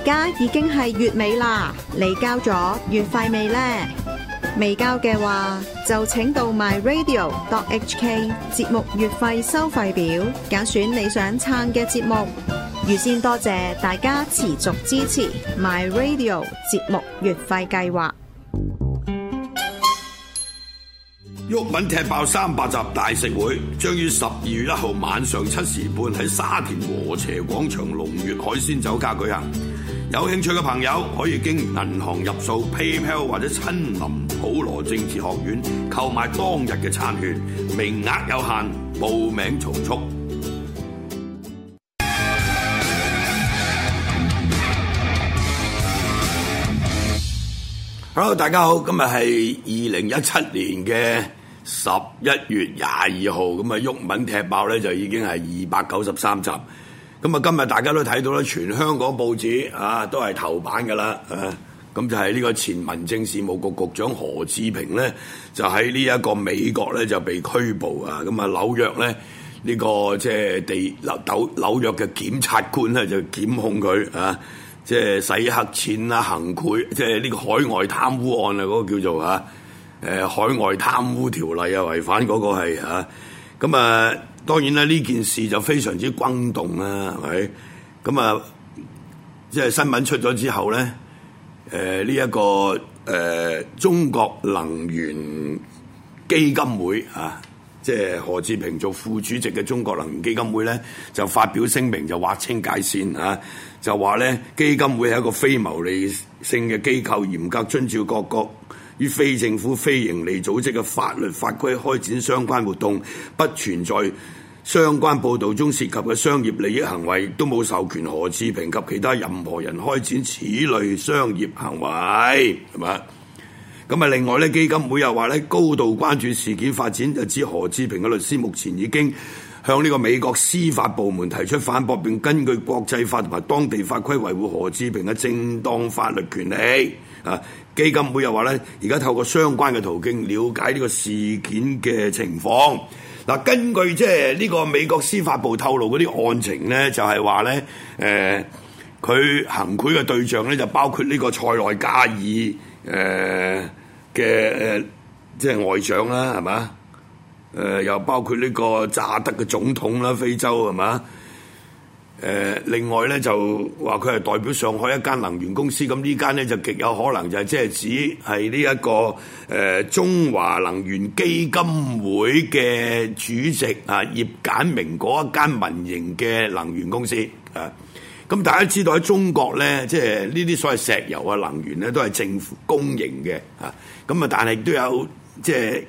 而家已經係月尾啦，你交咗月費未呢？未交嘅話，就請到 myradio.hk 節目月費收費表，揀選你想撐嘅節目。預先多謝大家持續支持 myradio 節目月費計劃。毓民踢爆三百集大食會，將於十二月一號晚上七時半喺沙田禾輋廣場龍悅海鮮酒家舉行。有興趣嘅朋友可以經銀行入數 PayPal 或者親臨普羅政治學院購買當日嘅餐券，名額有限，報名從速。Hello，大家好，今日係二零一七年嘅十一月廿二號，咁啊，毓民踢爆咧就已經係二百九十三集。咁啊，今日大家都睇到咧，全香港報紙啊都係頭版噶啦，啊，咁、啊、就係、是、呢個前民政事務局局長何志平咧，就喺呢一個美國咧就被拘捕啊，咁啊紐約咧呢、這個即係、就是、地紐紐約嘅檢察官咧就檢控佢啊，即、就、係、是、洗黑錢啦、啊、行賄即係呢個海外貪污案啊，嗰、那個叫做啊，啊，海外貪污條例啊違反嗰個係啊，咁啊。當然啦，呢件事就非常之轟動啦，係咪？咁啊，即係新聞出咗之後呢，呢、呃、一、呢個、呃、中國能源基金會啊，即係何志平做副主席嘅中國能源基金會呢，就發表聲明就劃清界線啊，就話呢基金會係一個非牟利性嘅機構，嚴格遵照各國與非政府非營利組織嘅法律法規開展相關活動，不存在相關報道中涉及嘅商業利益行為，都冇授權何志平及其他任何人開展此類商業行為，係嘛？咁啊，另外呢基金會又話呢，高度關注事件發展，就指何志平嘅律師目前已經向呢個美國司法部門提出反駁，並根據國際法同埋當地法規維護何志平嘅正當法律權利啊。基金會又話咧，而家透過相關嘅途徑了解呢個事件嘅情況。嗱，根據即係呢個美國司法部透露嗰啲案情咧，就係話咧，誒，佢行賄嘅對象咧就包括呢個塞內加爾誒嘅誒，即係外長啦，係嘛？誒、呃，又包括呢個乍得嘅總統啦，非洲係嘛？誒，另外咧就話佢係代表上海一間能源公司，咁呢間咧就極有可能就係即係指係呢一個誒中華能源基金會嘅主席啊葉簡明嗰一間民營嘅能源公司啊，咁大家知道喺中國咧，即係呢啲所謂石油啊、能源咧都係政府公營嘅啊，咁啊但係亦都有即係。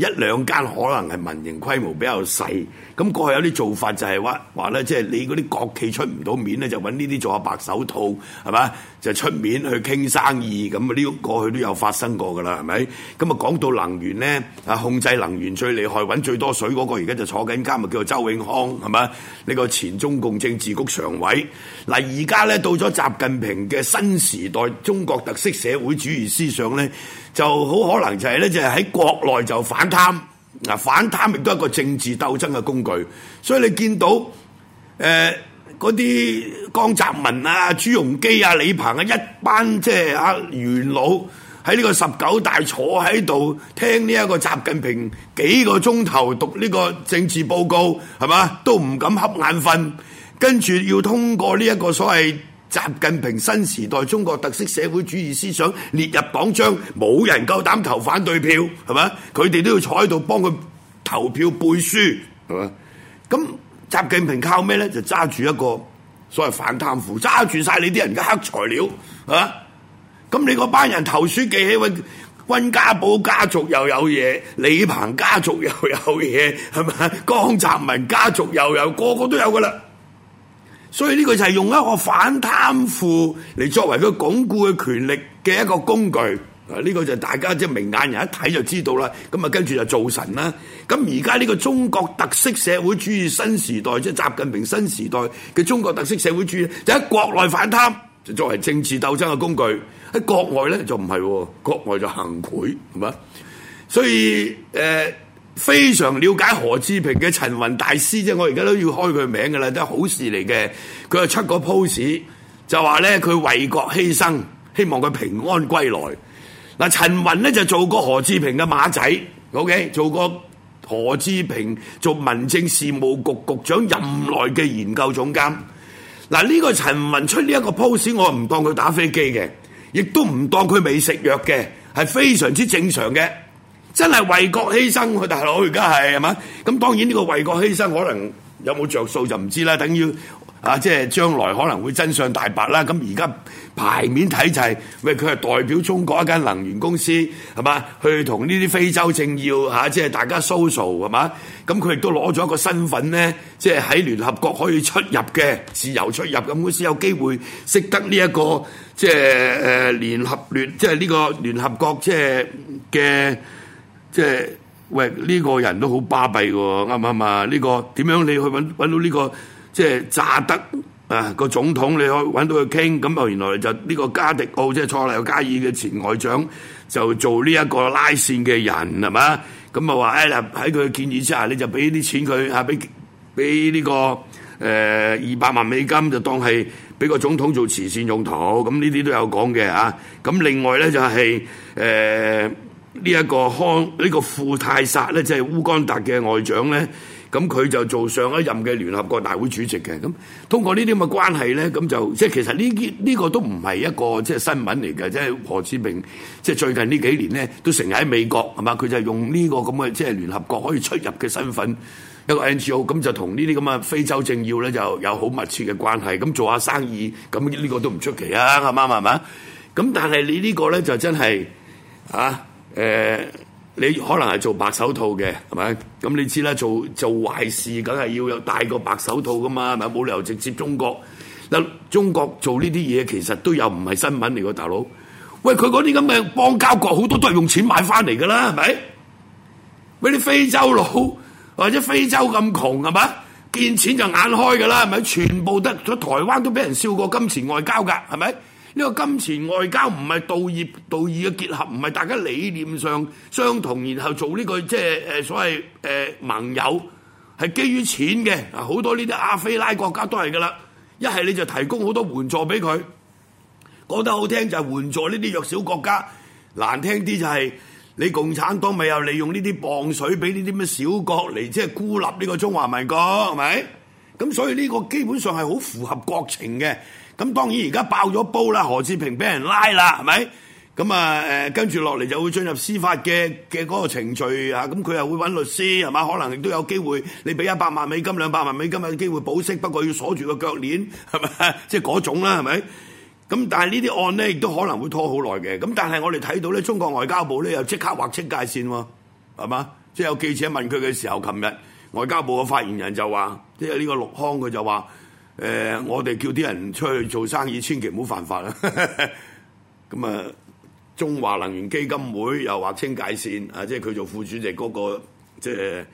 一兩間可能係民營規模比較細，咁過去有啲做法就係話話咧，即係、就是、你嗰啲國企出唔到面呢就搵呢啲做下白手套，係咪？就出面去傾生意咁啊！呢個過去都有發生過噶啦，係咪？咁啊講到能源呢，啊控制能源最厲害，揾最多水嗰個，而家就坐緊監，咪叫做周永康，係咪？呢個前中共政治局常委。嗱，而家呢，到咗習近平嘅新時代中國特色社會主義思想呢，就好可能就係呢，就係喺國內就反貪。嗱，反貪亦都係一個政治鬥爭嘅工具，所以你見到誒。呃嗰啲江澤民啊、朱鎔基啊、李鵬啊一班即係啊元老，喺呢個十九大坐喺度聽呢一個習近平幾個鐘頭讀呢個政治報告係嘛？都唔敢瞌眼瞓，跟住要通過呢一個所謂習近平新時代中國特色社會主義思想列入黨章，冇人夠膽投反對票係嘛？佢哋都要坐喺度幫佢投票背書係嘛？咁。習近平靠咩咧？就揸住一個所謂反貪腐，揸住晒你啲人嘅黑材料啊！咁你嗰班人投書記起溫温家寶家族又有嘢，李鵬家族又有嘢，係嘛？江澤民家族又有，個個都有噶啦。所以呢個就係用一個反貪腐嚟作為佢鞏固嘅權力嘅一個工具。呢個就大家即係、就是、明眼人一睇就知道啦。咁啊，跟住就造神啦。咁而家呢個中國特色社會主義新時代，即係習近平新時代嘅中國特色社會主義，就喺國內反貪，就作為政治鬥爭嘅工具；喺國外咧就唔係，國外就行賄，係嘛？所以誒、呃，非常了解何志平嘅陳雲大師，即係我而家都要開佢名㗎啦，都係好事嚟嘅。佢啊出個 post 就話咧，佢為國犧牲，希望佢平安歸來。嗱，陳雲咧就做過何志平嘅馬仔，OK，做過何志平做民政事務局局長任內嘅研究總監。嗱，呢個陳雲出呢一個 pose，我唔當佢打飛機嘅，亦都唔當佢未食藥嘅，係非常之正常嘅。真係為國犧牲，佢大佬而家係係嘛？咁當然呢個為國犧牲，可能有冇著數就唔知啦，等於。啊！即係將來可能會真相大白啦。咁而家牌面睇就係、是、喂，佢係代表中國一間能源公司係嘛？去同呢啲非洲政要、啊、即係大家 social 係嘛？咁佢亦都攞咗一個身份咧，即係喺聯合國可以出入嘅自由出入咁，好、嗯、似有機會識得呢、這、一個即係誒聯合聯，即係呢、呃、個聯合國即係嘅即係喂呢、這個人都好巴閉喎，啱唔啱啊？呢、這個點樣你去搵到呢、這個？即係炸得啊！個總統你可以揾到佢傾，咁啊原來就呢個加迪奧，即係錯納加爾嘅前外長，就做呢一個拉線嘅人係嘛？咁啊話誒喺佢嘅建議之下，你就俾啲錢佢啊，俾俾呢個誒二百萬美金，就當係俾個總統做慈善用途。咁呢啲都有講嘅啊。咁另外咧就係誒呢一個康呢個富泰薩咧，即係烏干達嘅外長咧。咁佢就做上一任嘅聯合國大會主席嘅，咁通過呢啲咁嘅關係咧，咁就即係其實呢啲呢個都唔係一個即係新聞嚟嘅，即係何志平即係最近呢幾年咧都成日喺美國係嘛，佢就係用呢個咁嘅即係聯合國可以出入嘅身份一個 NGO，咁就同呢啲咁嘅非洲政要咧就有好密切嘅關係，咁做下生意，咁呢個都唔出奇啊，係嘛，係嘛，咁但係你個呢個咧就真係啊誒。呃你可能係做白手套嘅，係咪？咁你知啦，做做壞事梗係要有戴個白手套㗎嘛，係咪？冇理由直接中國。嗱，中國做呢啲嘢其實都有唔係新聞嚟嘅，大佬。喂，佢嗰啲咁嘅邦交國好多都係用錢買翻嚟㗎啦，係咪？嗰啲非洲佬或者非洲咁窮係咪？見錢就眼開㗎啦，係咪？全部得咗台灣都俾人笑過金錢外交㗎，係咪？呢個金錢外交唔係道義道義嘅結合，唔係大家理念上相同，然後做呢、這個即係誒所謂誒、呃、盟友，係基於錢嘅。啊，好多呢啲阿非拉國家都係㗎啦，一係你就提供好多援助俾佢，講得好聽就係援助呢啲弱小國家，難聽啲就係你共產黨咪又利用呢啲磅水俾呢啲咩小國嚟即係孤立呢個中華民國，係咪？咁所以呢個基本上係好符合國情嘅。咁當然而家爆咗煲啦，何志平俾人拉啦，係咪？咁啊跟住落嚟就會進入司法嘅嘅嗰個程序啊。咁佢又會揾律師，係嘛？可能亦都有機會，你俾一百萬美金、兩百萬美金嘅機會保釋，不過要鎖住個腳鏈，係咪？即係嗰種啦，係咪？咁但係呢啲案呢，亦都可能會拖好耐嘅。咁但係我哋睇到呢，中國外交部呢，又即刻劃清界線喎，係嘛？即係有記者問佢嘅時候，琴日外交部嘅發言人就話，即係呢個陸慷佢就話。誒、呃，我哋叫啲人出去做生意，千祈唔好犯法啦。咁啊，中華能源基金會又劃清界線，啊，即係佢做副主席嗰、那個，即係誒、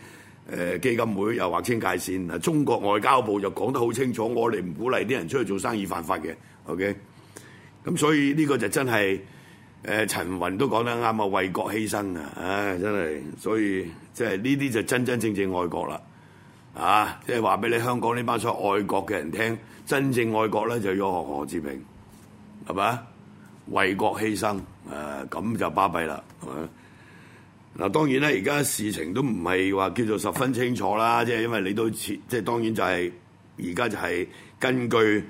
呃、基金會又劃清界線。中國外交部就講得好清楚，我哋唔鼓勵啲人出去做生意犯法嘅。OK，咁所以呢個就真係誒、呃，陳雲都講得啱啊，為國犧牲啊，唉，真係，所以即係呢啲就真真正正愛國啦。啊！即係話俾你香港呢班所愛國嘅人聽，真正愛國咧就要學何志平，係咪？為國犧牲，誒、啊、咁就巴閉啦，係嘛？嗱、啊，當然咧，而家事情都唔係話叫做十分清楚啦，即係因為你都即係當然就係而家就係根據、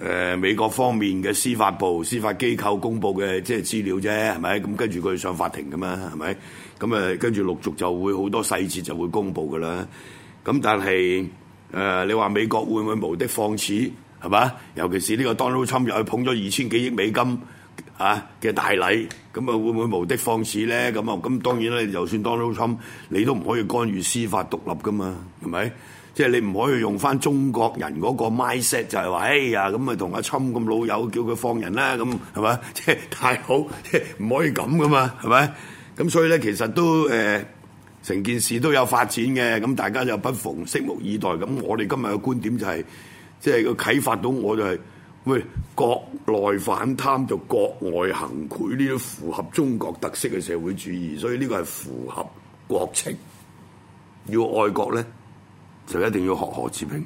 呃、美國方面嘅司法部司法機構公布嘅即係資料啫，係咪？咁、嗯、跟住佢上法庭㗎嘛，係咪？咁、嗯、誒跟住陸續就會好多細節就會公布㗎啦。咁但係誒、呃，你話美國會唔會無的放矢係嘛？尤其是呢個 Donald Trump 又去捧咗二千幾億美金嘅、啊、大禮，咁啊會唔會無的放矢咧？咁啊，咁當然咧，就算 Donald Trump，你都唔可以干預司法獨立噶嘛，係咪？即、就、係、是、你唔可以用翻中國人嗰個 mindset，就係話哎呀，咁啊同阿侵咁老友叫佢放人啦，咁係 大哥 嘛？即係太好，即係唔可以咁噶嘛，係咪？咁所以咧，其實都誒。呃成件事都有發展嘅，咁大家就不妨拭目以待。咁我哋今日嘅觀點就係即係個啟發到我就係、是、喂，國內反貪就國外行賄呢啲符合中國特色嘅社會主義，所以呢個係符合國情。要愛國咧，就一定要學何志平。